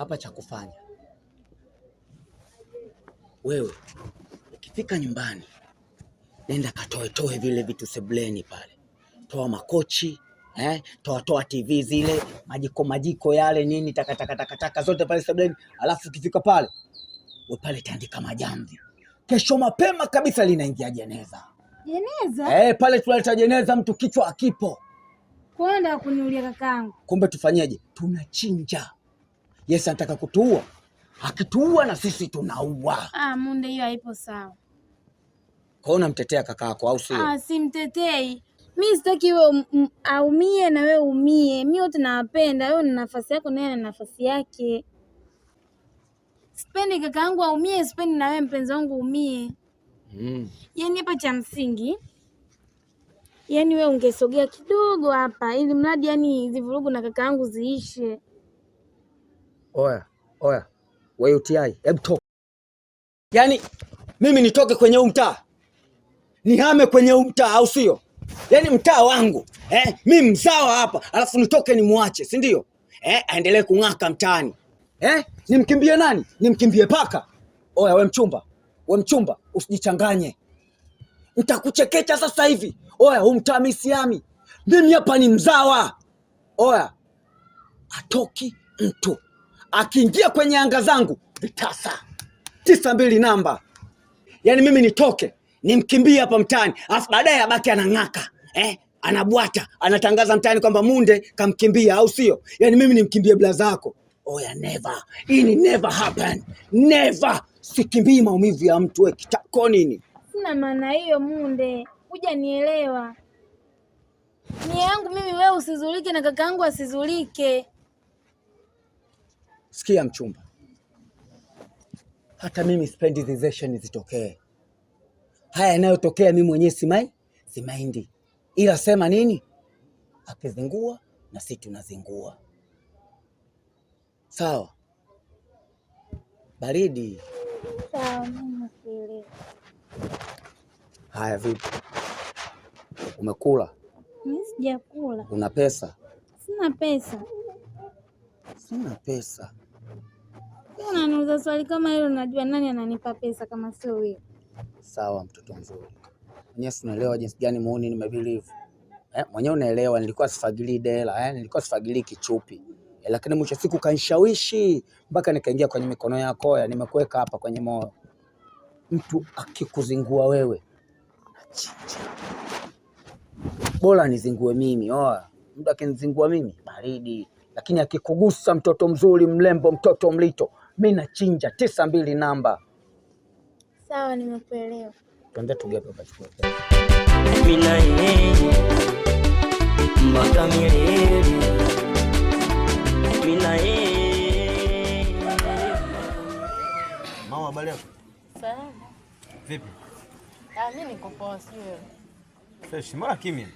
hapa cha kufanya wewe, ukifika nyumbani, nenda katoetoe vile vitu sebleni pale, toa makochi eh, toa toa TV zile majiko majiko yale nini takataka takataka zote pale sebleni, alafu ukifika pale we pale taandika majamvi, kesho mapema kabisa linaingia jeneza jeneza. Eh, pale tunaleta jeneza, mtu kichwa akipo kwenda kuniulia kakaangu. Kumbe tufanyeje? Tunachinja Yesu anataka kutuua, akituua na sisi tunaua. Ah, Munde, hiyo haipo sawa. Kwa unamtetea kaka yako au sio? Ah, simtetei mi sitaki we um, um, aumie na we umie. Mi wote nawapenda, wewe una nafasi yako naye ana nafasi yake. Sipendi kaka yangu aumie, sipendi na wewe mpenzi wangu umie. Mm. Yaani hapa cha msingi, yaani we ungesogea kidogo hapa, ili mradi yani hizi vurugu na kaka yangu ziishe. Oya, oya. wa UTI, hebu toka. Yaani mimi nitoke kwenye huu mtaa. Nihame kwenye huu mtaa au sio? Yaani mtaa wangu, eh? Mimi mzawa hapa, alafu nitoke nimwache, si ndio? Eh, aendelee kung'aka mtaani. Eh? Nimkimbie nani? Nimkimbie paka. Oya, we mchumba. We mchumba, usijichanganye. Nitakuchekecha sasa hivi. Oya, huu mtaa mimi siami. Mimi hapa ni mzawa. Oya. Atoki mtu akiingia kwenye anga zangu vitasa tisa mbili namba, yaani mimi nitoke nimkimbie hapa mtaani, alafu baadaye abaki anang'aka eh? Anabwata, anatangaza mtaani kwamba Munde kamkimbia, au sio? Yaani mimi nimkimbie bila zako? Oh ya never, hii ni never happen, never. Sikimbii maumivu ya mtu, wewe kitako nini? Sina maana hiyo, Munde Uja nielewa, nia yangu mimi wewe usizulike na kaka yangu asizulike. Sikia mchumba, hata mimi sipendi zizesheni zitokee. Haya yanayotokea mimi mwenyewe simai simaindi, ila sema nini, akizingua na sisi tunazingua. Sawa baridi? Sawa Haya, vipi, umekula? Sijakula. Una pesa? Sina pesa. Sina pesa Unaniuza swali kama hilo, unajua nani ananipa pesa kama sio wewe? Sawa, mtoto mzuri. Mwenyewe unaelewa jinsi gani muuni nimebelieve. Eh, mwenyewe unaelewa nilikuwa sifagili dela, eh, nilikuwa sifagili kichupi. Eh, lakini mwisho siku kanishawishi mpaka nikaingia kwenye mikono yako, ya nimekuweka hapa kwenye moyo. Mtu akikuzingua wewe bora nizingue mimi. Oa, mtu akinizingua mimi baridi, lakini akikugusa mtoto mzuri, mlembo, mtoto mlito mimi nachinja tisa mbili namba. Sawa, nimekuelewa. Tuende tugepe ukachukue pesa. Mimi na yeye mpaka milele. Mimi na yeye. Mama, habari yako? Sawa. Vipi? Ah, mimi niko poa, sio Fresh, mara kimya.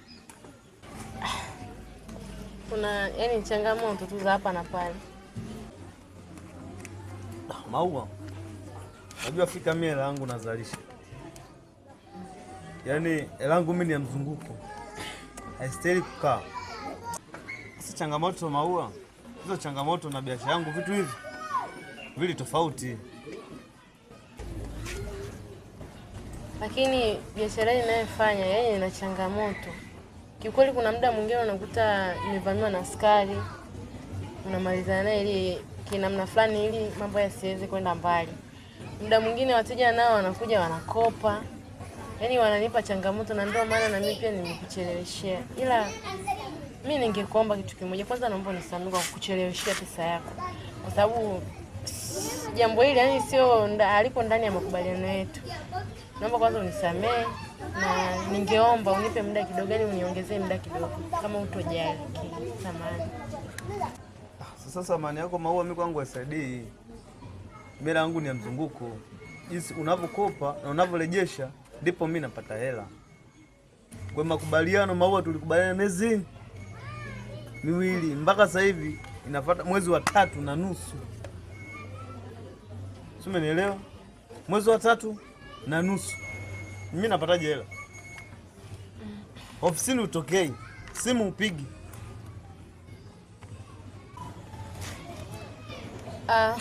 Ah, kuna yani changamoto tu za hapa na pale. Ah, maua, najua fika mimi hela yangu nazalisha, yaani hela yangu mimi ni ya mzunguko, haistahili kukaa. Sasa changamoto Maua, hizo changamoto na biashara yangu, vitu hivi vili tofauti. Lakini biashara hii inayofanya yeye yaani ina changamoto kiukweli. Kuna muda mwingine unakuta imevamiwa na askari, unamaliza naye ile kinamna fulani, ili mambo yasiweze kwenda mbali. Muda mwingine wateja nao wanakuja wanakopa, yaani wananipa changamoto, na ndio maana na mimi pia nimekucheleweshea. Ila mi ningekuomba kitu kimoja, kwanza naomba unisamehe kwa kukucheleweshea pesa yako, kwa sababu jambo hili yani sio aliko ndani ya makubaliano yetu. Naomba kwanza unisamehe na ningeomba unipe muda kidogo, yani uniongezee muda kidogo, kama utojali. samani sasa maana yako maua mi kwangu yasaidii. mira yangu ni ya mzunguko, jinsi unavyokopa na unavyorejesha ndipo mimi napata hela. Kwa makubaliano maua tulikubaliana miezi miwili, mpaka sasa hivi inafuata mwezi wa tatu na nusu, si Mwezi wa tatu na nusu, mimi napataje hela? Ofisini utokei, simu upigi Ah,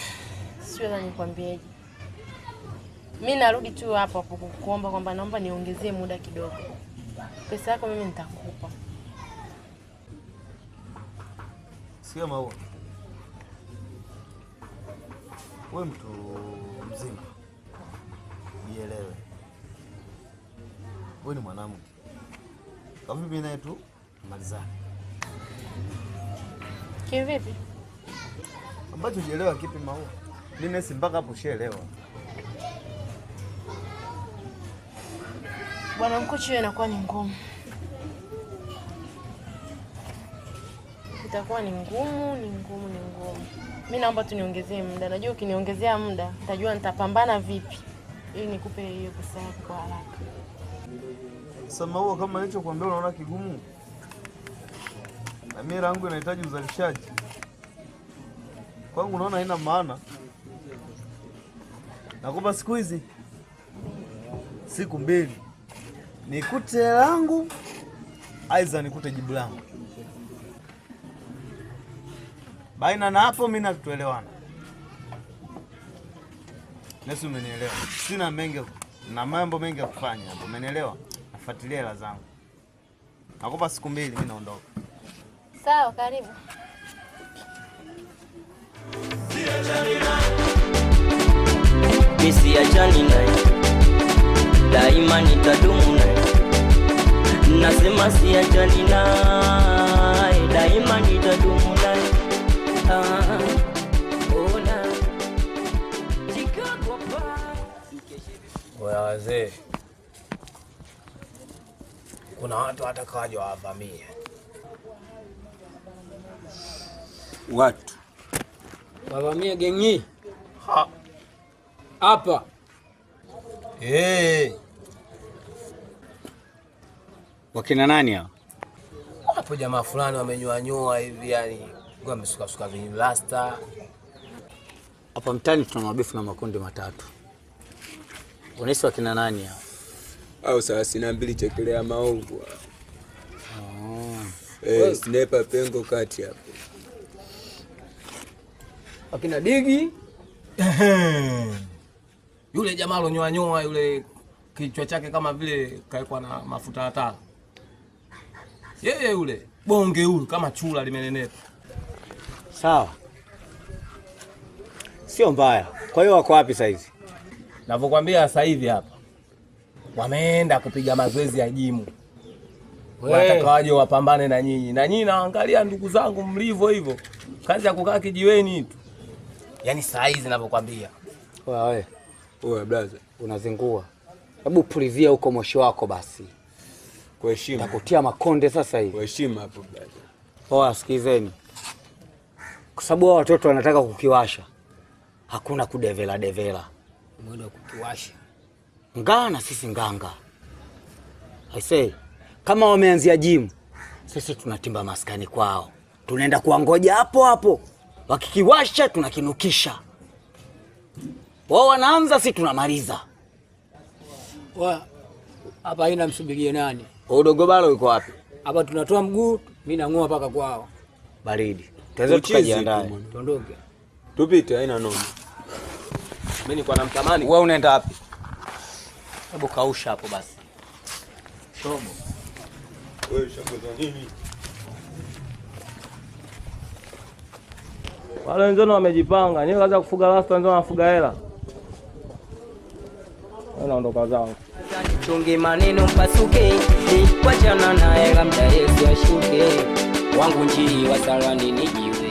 siweza nikwambieje. Mimi narudi tu hapa kukuomba kwamba naomba niongezee muda kidogo. Pesa yako mimi nitakupa. sio Maua, we mtu mzima, jielewe. We ni mwanamke kama mimi, naye tu malizani kivipi? ambacho ujielewa kipi maua? Mimi si mpaka hapo ushaelewa. Bwana Mkuchi, inakuwa ni ngumu, itakuwa ni ngumu, ni ngumu, ni ngumu. Mimi naomba tuniongezee muda, najua ukiniongezea muda nitajua nitapambana vipi ili nikupe hiyo pesa yako kwa haraka. Sema huo kama hicho kuambia, unaona kigumu, na mimi rangu inahitaji uzalishaji kwangu naona haina maana. Nakupa siku hizi siku mbili, nikute langu aidha nikute jibu langu. Baina na hapo, mimi natuelewana tuelewana. umenielewa? Sina mengi na mambo mengi ya kufanya hapo, umenielewa? Nafuatilia hela zangu. Nakupa siku mbili, mimi naondoka. Sawa, karibu. Misiachani naye daima, nitadumu naye. Nasema siachani naye daima, nitadumu naye ah. Oya wazee, kuna watu hata wawavamie watu wavamia gengi hapa hey. Wakina nani hao? Hapo jamaa fulani wamenyoanyoa hivi, yani wamesukasuka rasta. hapa mtani Tuna mabifu na makundi matatu, unaisi wakina nani hao? au thelathini na mbili chekelea maovu. Oh. Hey, eh, sniper pengo kati hapo akina Digi yule jamaa alonyoa nyoa yule, kichwa chake kama vile kawekwa na mafuta hataa yeye yule bonge huyu kama chula limenenepa. Sawa, sio mbaya. Kwa hiyo wako wapi sasa hivi? Navyokwambia sasa hivi hapa wameenda kupiga mazoezi ya jimu, wanataka waje wapambane na nyinyi. Na nyinyi naangalia ndugu zangu mlivyo hivyo, kazi ya kukaa kijiweni tu yani saa hizi ninavyokuambia. Wewe wewe brother, unazingua. Hebu pulizia huko moshi wako basi, kwa heshima. Nakutia makonde sasa hivi, kwa heshima hapo brother. Poa, sikizeni, kwa sababu hao watoto wanataka kukiwasha, hakuna kudevela devela mwendo wa kukiwasha ngaa na sisi nganga. I say kama wameanzia jimu, sisi tunatimba maskani kwao, tunaenda kuwangoja hapo hapo wakikiwasha tunakinukisha, wao wanaanza, si tunamaliza. Hapa haina msubirie nani, udogobalo yuko wapi? Hapa tunatoa mguu, mimi nang'oa mpaka kwao. Baridi tuweze tukajiandae, tuondoke, tupite, haina noma. Mimi niko namtamani. Wewe unaenda wapi? Hebu kausha hapo basi. Shobo. Wewe za nini? wale wenzenu wamejipanga, niwe kaza kufuga rasta, wenzenu wanafuga hela. Naondoka zangu chungi maneno mpasuke, wachana naye labda Yesu ashuke wangu njii wasalani nijiwe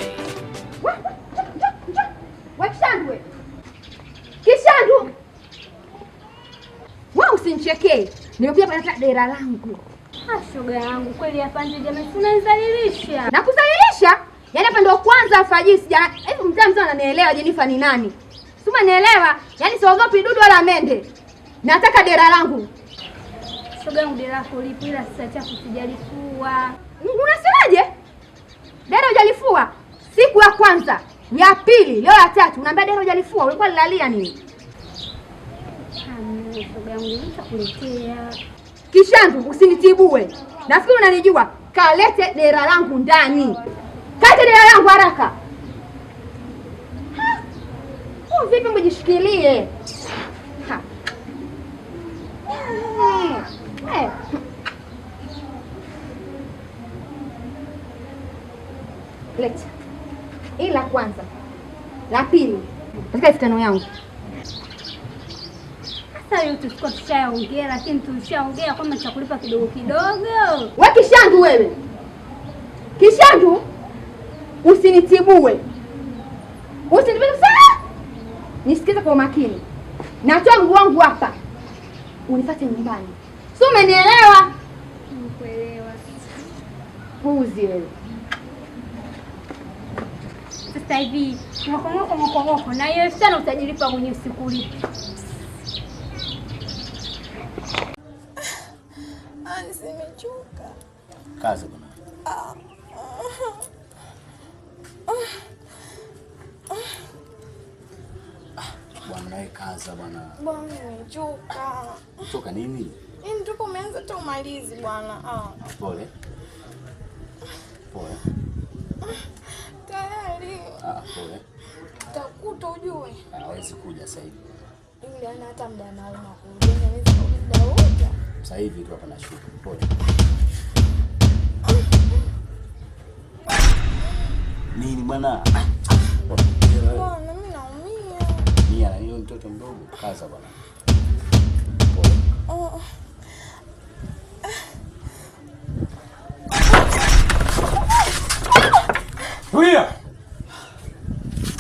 wakishandwe kishandu we usinichekee, nimekuja pata dera langu. Ah, Shoga yangu kweli hapa, nje jamani, tunazalilisha na kuzalilisha Yaani hapa ndio kwanza alfajiri sija Hebu yaani mzee mzee ananielewa Jenifa ni nani. Suma nielewa, yaani siogopi dudu wala mende. Nataka dera langu. Shoga yangu dera lako lipo ila sasa chafu sijalifua. Unasemaje? Dera hujalifua? Siku ya kwanza, ya pili, leo ya tatu, unaambia dera hujalifua, ulikuwa lilalia nini? Shoga Kishangu usinitibue. Nafikiri unanijua. Kalete dera langu ndani. Kata dela yangu haraka. Oh, vipi mjishikilie? Hmm. Eh. Leta. Ila kwanza. La pili. Katika iftano yangu. tushaongea lakini tulishaongea kwamba nitakulipa kidogo kidogo. We kishandu wewe. Kishandu? usinitibue, usinitibue. Nisikize kwa makini, natoa nguo wangu hapa, unipate nyumbani, si umenielewa? Puzi wewe. Sasa hivi mokomoko mokomoko, na hiyo elfu tano utajilipa usikuli. sikulipi. Ah, ah, Simechoka kazi bwana. Bwana nawe kaza bwana. Bwana nimechoka. nini? Yaani umeanza umalizi bwana. Ah. Pole. Pole. Tayari. Ah, pole. Takuta ujue. Ah, hawezi kuja sasa hivi. Yule ana hata Hawezi kuja. Sasa hivi tu hapa nashuka. Pole. nini bwana? Mimi naumia mtoto mdogo, kaza bwana. Tulia. Oh, oh.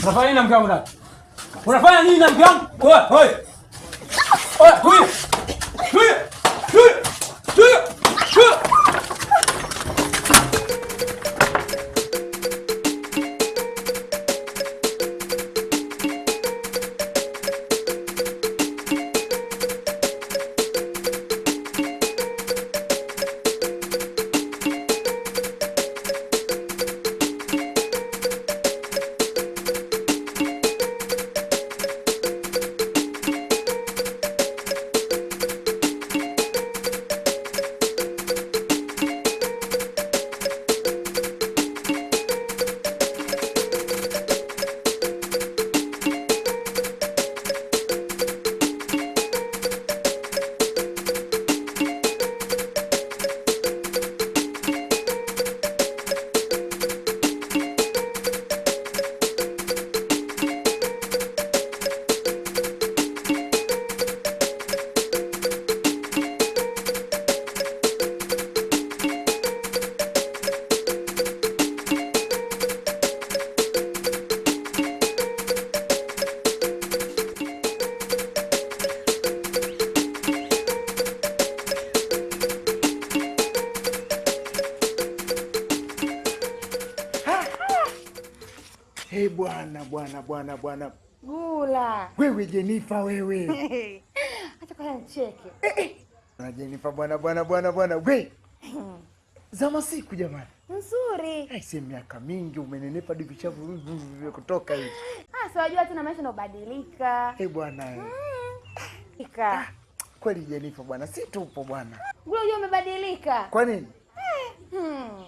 Unafanya nini na mke wangu? Unafanya nini na mke wangu? Wewe, wewe. Wewe, tulia. bwana bwana bwana bwana Gula. Wewe Jenifa wewe. Acha kwa cheke Eh, eh. Na Jenifa bwana bwana bwana bwana we. Zama siku jamani. Nzuri. Ai si miaka mingi umenenepa hivi chafu hivi kutoka hivi. Ah, si wajua tuna maisha yanabadilika. Eh bwana. Mm. Ika. Ah, kweli Jenifa bwana si tupo bwana. Gula, unajua umebadilika. Kwa nini? Eh, hmm.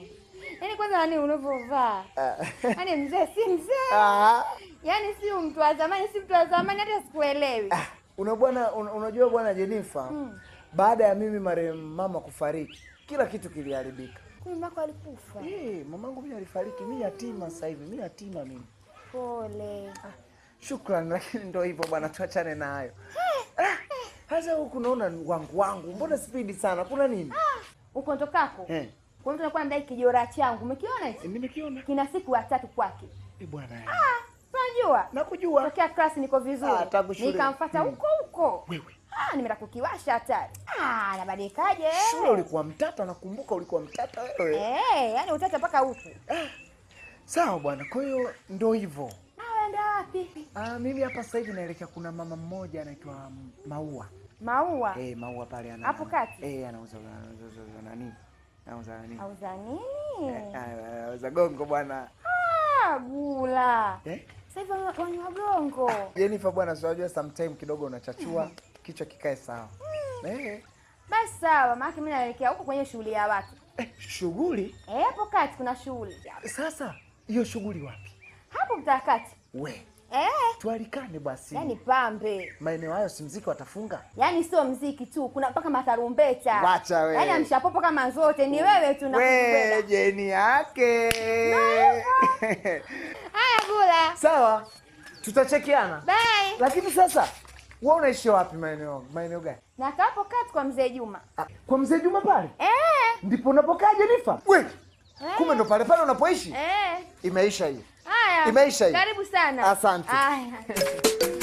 Yaani kwanza yani unavyovaa. Ah. Yaani mzee si mzee. Ah. Yaani si mtu wa zamani, si mtu wa zamani hata sikuelewi. Ah, una bwana unajua bwana Jenifa, mm. Baada ya mimi marehemu mama kufariki, kila kitu kiliharibika. Kumbe mako alikufa. Eh, mamangu mimi alifariki, mimi yatima sasa hivi, mimi yatima mimi. Pole. Ah, shukrani lakini ndio hivyo bwana, tuachane na hayo. Eh, eh. Sasa huku naona wangu wangu, mbona spidi sana? Kuna nini? Uko ndokako? Eh. Kwa hiyo tunakuwa ndai kijora changu. Umekiona hicho? Nimekiona. Kina siku ya tatu kwake. Eh, bwana. Ah, unajua? Nakujua. Tokea class niko vizuri. Ah, nikamfuata hmm. huko huko. Wewe. Ah, nimeenda kukiwasha hatari. Ah, nabadilikaje? Shule ulikuwa mtata, nakumbuka ulikuwa mtata wewe. Eh, yani utata mpaka huku. Ah. Sawa bwana, kwa hiyo ndio hivyo. wapi? Ah, mimi hapa sasa hivi naelekea kuna mama mmoja anaitwa um, Maua. Maua? Eh, Maua pale ana. Hapo kati. Eh, anauza anauza nani? Auza nini? Auza nini? Eh, eh, Auza gongo bwana. Ah, gula. Eh? Sasa hivi wanywa gongo. Jenifa bwana, sio unajua sometime kidogo unachachua kichwa kikae sawa. Hmm. Eh. Basi sawa, maana mimi naelekea huko kwenye shughuli ya watu. Eh, shughuli? Eh, hapo kati kuna shughuli. Sasa hiyo shughuli wapi? Hapo mtakati. Wewe eh? Tualikane basi. Yaani pambe. Maeneo hayo si mziki watafunga. Yaani sio mziki tu, kuna mpaka matarumbeta. Wacha wewe. Yaani amshapopo kama zote ni wewe tu na wewe jeni yake. Haya bula. Sawa. Tutachekiana. Bye. Lakini sasa wewe unaishi wapi maeneo maeneo gani? Nakaa kati kwa mzee Juma. Ah, kwa mzee Juma pale? Eh. Ndipo unapokaa Jenifa? Wewe. Kumbe ndo pale pale unapoishi? Eh. Imeisha hiyo. Haya, imeisha. Karibu sana, asante.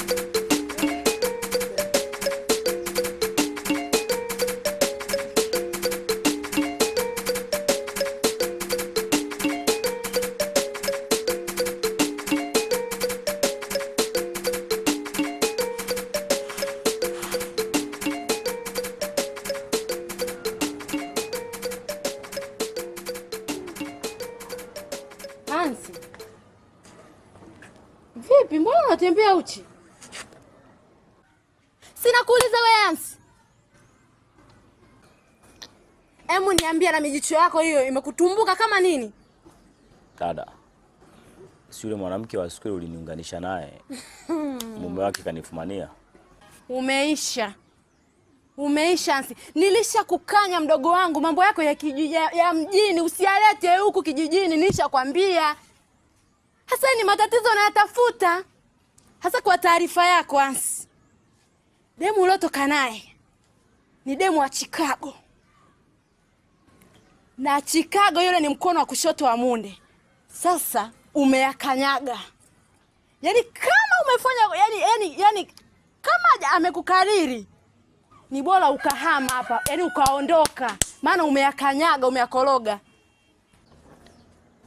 sauti. Sina kuuliza wewe Yansi. Hebu niambia na mijicho yako hiyo imekutumbuka kama nini? Dada. Si yule mwanamke wa siku uliniunganisha naye. Mume wake kanifumania. Umeisha. Umeisha nilisha Nilishakukanya mdogo wangu, mambo yako ya, kijiji, ya, ya mjini usialete huku kijijini, kwambia Hasa ni matatizo yatafuta hasa kwa taarifa yako Ansi, demu uliotoka naye ni demu wa Chicago, na Chicago yule ni mkono wa kushoto wa Munde. Sasa umeyakanyaga, yaani kama umefanya yani, yani, yani, kama amekukariri ni bora ukahama hapa, yaani ukaondoka, maana umeyakanyaga, umeyakoroga.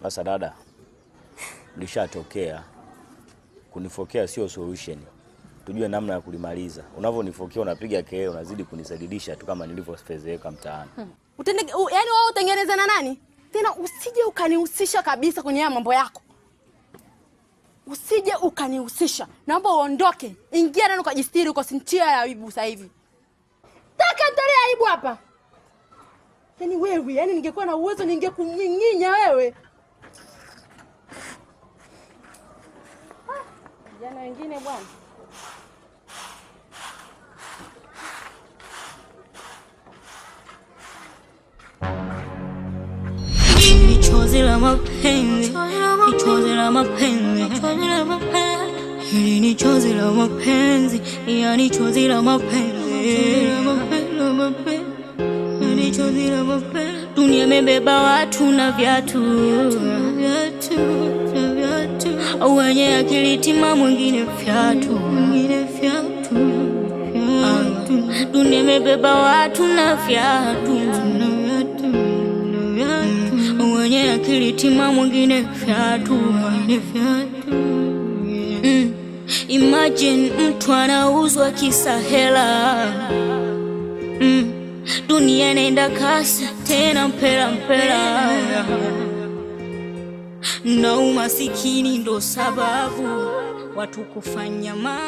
Sasa dada, lishatokea kunifokea sio solution, tujue namna ya kulimaliza. Unavyonifokea unapiga kelele, unazidi kunisadidisha tu kama nilivyofezeweka mtaani. Hmm. Utende, yani wewe utengeneza na nani tena? Usije ukanihusisha kabisa kwenye haya mambo yako, usije ukanihusisha. Naomba uondoke, ingia ndani ukajistiri uko, sintia ya aibu sasa hivi. Taka nitolea aibu hapa. Yani wewe, yani ningekuwa na uwezo ningekumnginya wewe. Vijana wengine bwana chozi la mapenzi, chozi la mapenzi, hili ni chozi la mapenzi, chozi la mapenzi. Dunia imebeba watu na viatu mwenye akili tima, mwingine fyatu, ah, dunia imebeba watu na fyatu, mm, mwenye akili tima, mwingine fyatu. Mm, imagine mtu anauzwa kisa hela mm. Dunia inaenda kasi tena mpela mpera na umasikini ndo sababu watu kufanya mambo